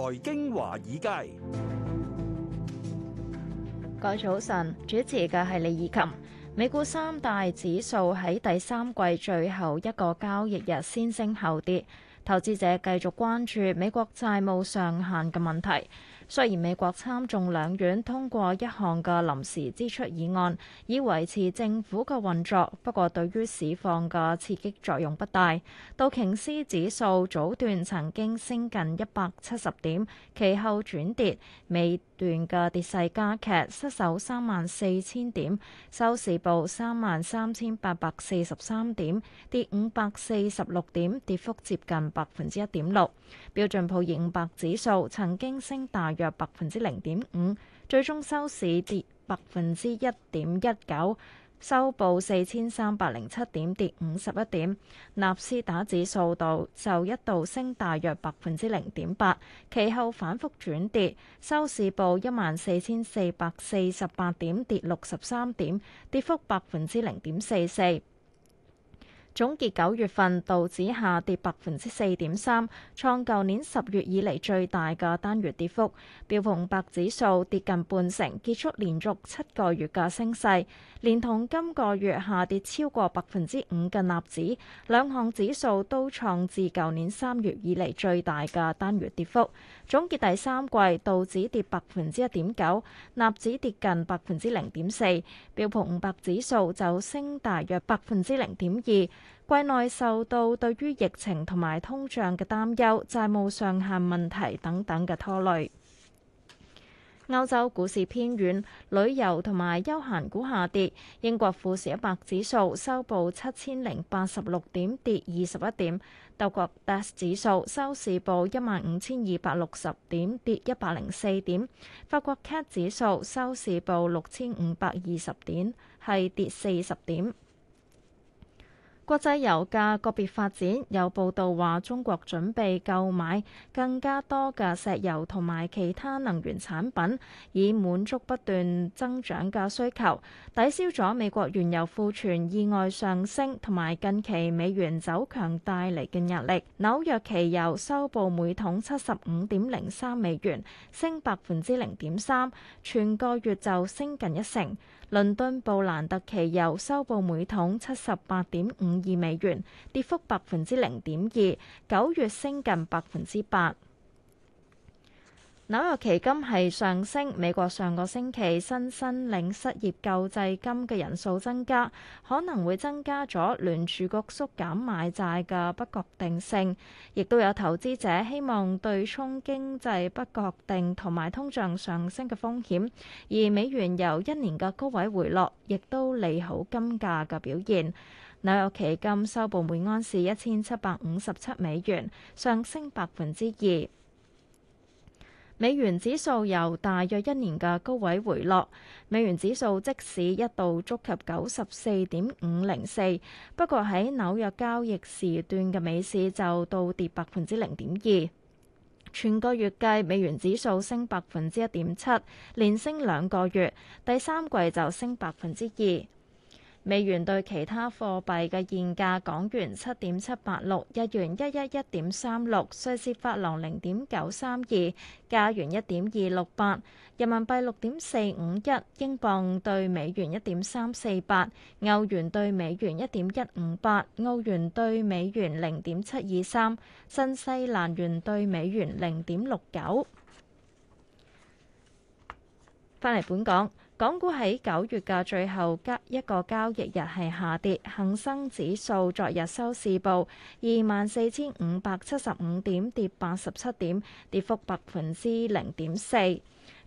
財經華爾街，各位早晨，主持嘅係李以琴。美股三大指數喺第三季最後一個交易日先升後跌，投資者繼續關注美國債務上限嘅問題。雖然美國參眾兩院通過一項嘅臨時支出議案，以維持政府嘅運作，不過對於市況嘅刺激作用不大。道瓊斯指數早段曾經升近一百七十點，其後轉跌，尾段嘅跌勢加劇，失守三萬四千點，收市報三萬三千八百四十三點，跌五百四十六點，跌幅接近百分之一點六。標準普爾五百指數曾經升大約百分之零點五，最終收市跌百分之一點一九，收報四千三百零七點，跌五十一點。納斯達克指數度就一度升大約百分之零點八，其後反覆轉跌，收市報一萬四千四百四十八點，跌六十三點，跌幅百分之零點四四。總結九月份，道指下跌百分之四點三，創舊年十月以嚟最大嘅單月跌幅。標普五百指數跌近半成，結束連續七個月嘅升勢。連同今個月下跌超過百分之五嘅納指，兩項指數都創自舊年三月以嚟最大嘅單月跌幅。總結第三季，道指跌百分之一點九，納指跌近百分之零點四，標普五百指數就升大約百分之零點二。季內受到對於疫情同埋通脹嘅擔憂，債務上限問題等等嘅拖累。歐洲股市偏軟，旅遊同埋休閒股下跌。英國富時一百指數收報七千零八十六點，跌二十一點。德國 DAX 指數收市報一萬五千二百六十點，跌一百零四點。法國 CAC 指數收市報六千五百二十點，係跌四十點。國際油價個別發展，有報道話中國準備購買更加多嘅石油同埋其他能源產品，以滿足不斷增長嘅需求，抵消咗美國原油庫存意外上升同埋近期美元走強帶嚟嘅壓力。紐約期油收報每桶七十五點零三美元，升百分之零點三，全個月就升近一成。倫敦布蘭特期油收報每桶七十八點五二美元，跌幅百分之零點二，九月升近百分之八。紐約期金係上升，美國上個星期新申領失業救濟金嘅人數增加，可能會增加咗聯儲局縮減買債嘅不確定性，亦都有投資者希望對沖經濟不確定同埋通脹上升嘅風險。而美元由一年嘅高位回落，亦都利好金價嘅表現。紐約期金收報每安士一千七百五十七美元，上升百分之二。美元指數由大約一年嘅高位回落，美元指數即使一度觸及九十四點五零四，不過喺紐約交易時段嘅尾市就倒跌百分之零點二。全個月計，美元指數升百分之一點七，連升兩個月，第三季就升百分之二。美元兌其他貨幣嘅現價：港元七點七八六，日元一一一點三六，瑞士法郎零點九三二，加元一點二六八，人民幣六點四五一，英鎊對美元一點三四八，歐元對美元一點一五八，澳元對美元零點七二三，新西蘭元對美元零點六九。翻嚟本港。港股喺九月嘅最後交一個交易日係下跌，恒生指數昨日收市報二萬四千五百七十五點，跌八十七點，跌幅百分之零點四。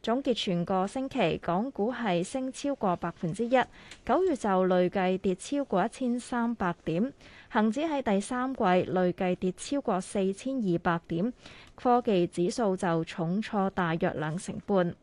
總結全個星期，港股係升超過百分之一，九月就累計跌超過一千三百點。恒指喺第三季累計跌超過四千二百點，科技指數就重挫大約兩成半。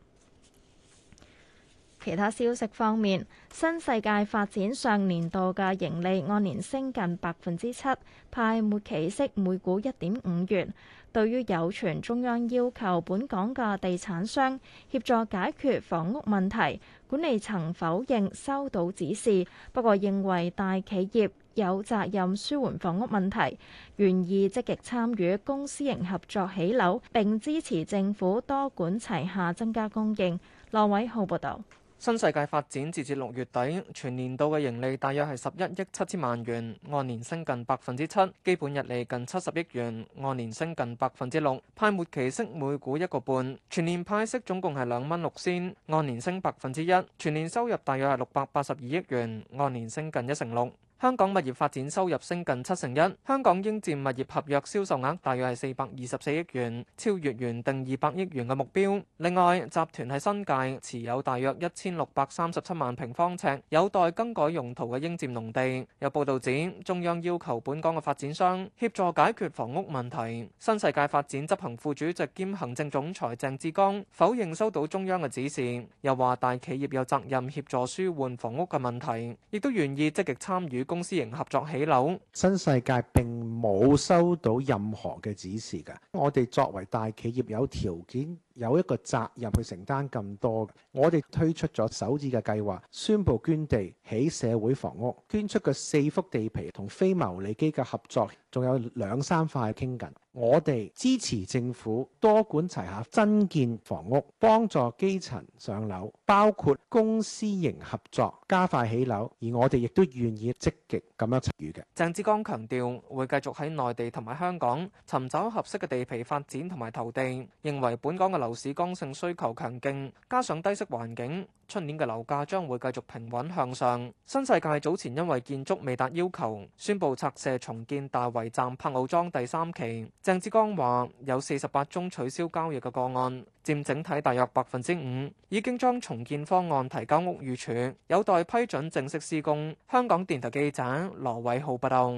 其他消息方面，新世界發展上年度嘅盈利按年升近百分之七，派末期息每股一點五元。對於有傳中央要求本港嘅地產商協助解決房屋問題，管理層否認收到指示，不過認為大企業有責任舒緩房屋問題，願意積極參與公私營合作起樓，並支持政府多管齊下增加供應，羅偉浩報道。新世界發展截至六月底，全年度嘅盈利大約係十一億七千萬元，按年升近百分之七，基本日利近七十億元，按年升近百分之六，派末期息每股一個半，全年派息總共係兩蚊六仙，按年升百分之一，全年收入大約係六百八十二億元，按年升近一成六。香港物業發展收入升近七成一，香港應佔物業合約銷售，售額大約係四百二十四億元，超越原定二百億元嘅目標。另外，集團喺新界持有大約一千六百三十七萬平方尺有待更改用途嘅應佔農地。有報道指中央要求本港嘅發展商協助解決房屋問題。新世界發展執行副主席兼行政總裁鄭志剛否認收到中央嘅指示，又話大企業有責任協助舒緩房屋嘅問題，亦都願意積極參與。公私營合作起樓，新世界並冇收到任何嘅指示㗎。我哋作為大企業有條，有條件有一個責任去承擔咁多嘅。我哋推出咗首指嘅計劃，宣布捐地起社會房屋，捐出嘅四幅地皮同非牟利機構合作，仲有兩三塊傾緊。我哋支持政府多管齊下增建房屋，幫助基層上樓，包括公私營合作加快起樓，而我哋亦都願意積極咁樣參與嘅。鄭志剛強調會繼續喺內地同埋香港尋找合適嘅地皮發展同埋投地，認為本港嘅樓市剛性需求強勁，加上低息環境，出年嘅樓價將會繼續平穩向上。新世界早前因為建築未達要求，宣布拆卸重建大圍站柏傲莊第三期。鄭志剛話有四十八宗取消交易嘅個案，佔整體大約百分之五，已經將重建方案提交屋宇署，有待批准正式施工。香港電台記者羅偉浩報道。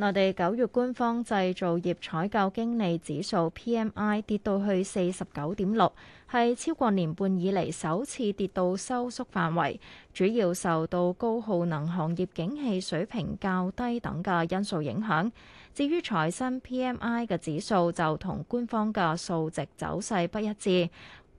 內地九月官方製造業採購經理指數 PMI 跌到去四十九點六，係超過年半以嚟首次跌到收縮範圍，主要受到高耗能行業景氣水平較低等嘅因素影響。至於財新 PMI 嘅指數就同官方嘅數值走勢不一致。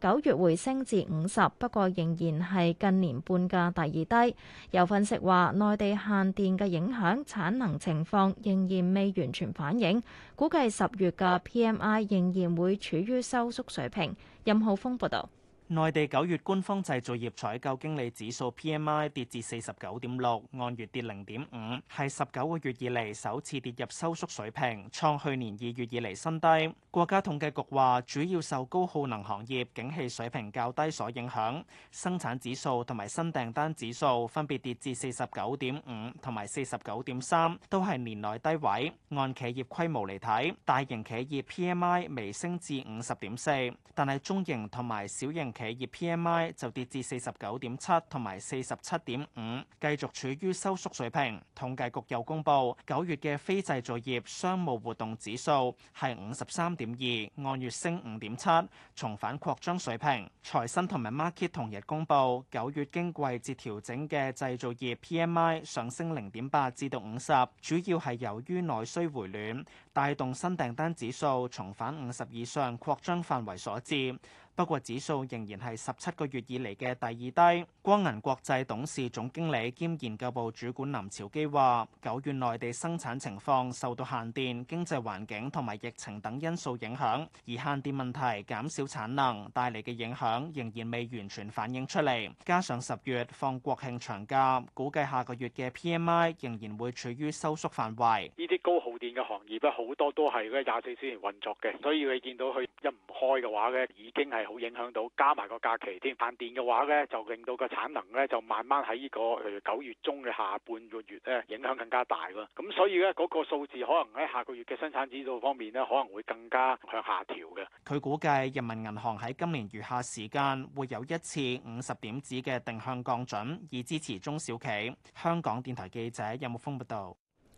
九月回升至五十，不過仍然係近年半嘅第二低。有分析話，內地限電嘅影響、產能情況仍然未完全反映，估計十月嘅 PMI 仍然會處於收縮水平。任浩峰報道。內地九月官方製造業採購經理指數 PMI 跌至49.6，按月跌0.5，係十九個月以嚟首次跌入收縮水平，創去年二月以嚟新低。國家統計局話，主要受高耗能行業景氣水平較低所影響，生產指數同埋新訂單指數分別跌至49.5同埋49.3，都係年內低位。按企業規模嚟睇，大型企業 PMI 微升至50.4，但係中型同埋小型。企業 PMI 就跌至四十九點七，同埋四十七點五，繼續處於收縮水平。統計局又公布九月嘅非製造業商務活動指數係五十三點二，按月升五點七，重返擴張水平。財新同埋 Markit 同日公布九月經季節調整嘅製造業 PMI 上升零點八至到五十，主要係由於內需回暖，帶動新訂單指數重返五十以上擴張範圍所致。不過指數仍然係十七個月以嚟嘅第二低。光銀國際董事總經理兼研究部主管林朝基話，九月內地生產情況受到限電、經濟環境同埋疫情等因素影響，而限電問題減少產能帶嚟嘅影響仍然未完全反映出嚟。加上十月放國慶長假，估計下個月嘅 PMI 仍然會處於收縮範圍。呢啲高耗電嘅行業咧，好多都係嗰廿四小時運作嘅，所以你見到佢。一唔開嘅話咧，已經係好影響到，加埋個假期添。限電嘅話咧，就令到個產能咧就慢慢喺呢個九月中嘅下半個月咧，影響更加大啦。咁所以咧，嗰個數字可能喺下個月嘅生產指數方面咧，可能會更加向下調嘅。佢估計人民銀行喺今年餘下時間會有一次五十點子嘅定向降準，以支持中小企。香港電台記者任木峰報道。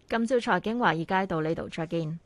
今朝財經華爾街到呢度再見。